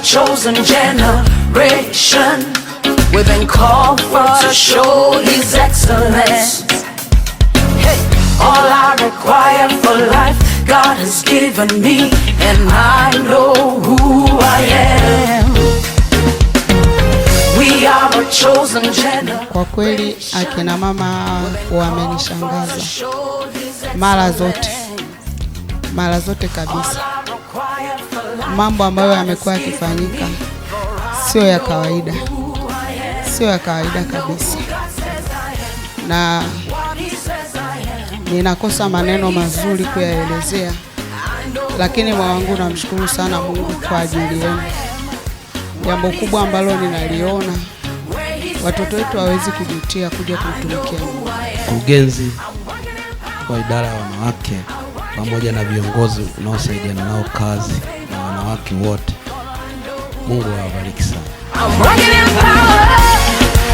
chosen generation. We've been called for to show His excellence. Hey, all I require for life, God has given me, and I know who I am. Kwa kweli akina mama wamenishangaza mara zote, mara zote kabisa mambo ambayo yamekuwa yakifanyika sio ya kawaida, sio ya kawaida kabisa, na ninakosa maneno mazuri kuyaelezea, lakini mwawangu, namshukuru sana Mungu kwa ajili yenu. Jambo kubwa ambalo ninaliona watoto wetu hawezi kujutia kuja kumtumikia Mkurugenzi wa idara ya wanawake pamoja na viongozi unaosaidiana nao kazi wanawake wote. Mungu awabariki sana.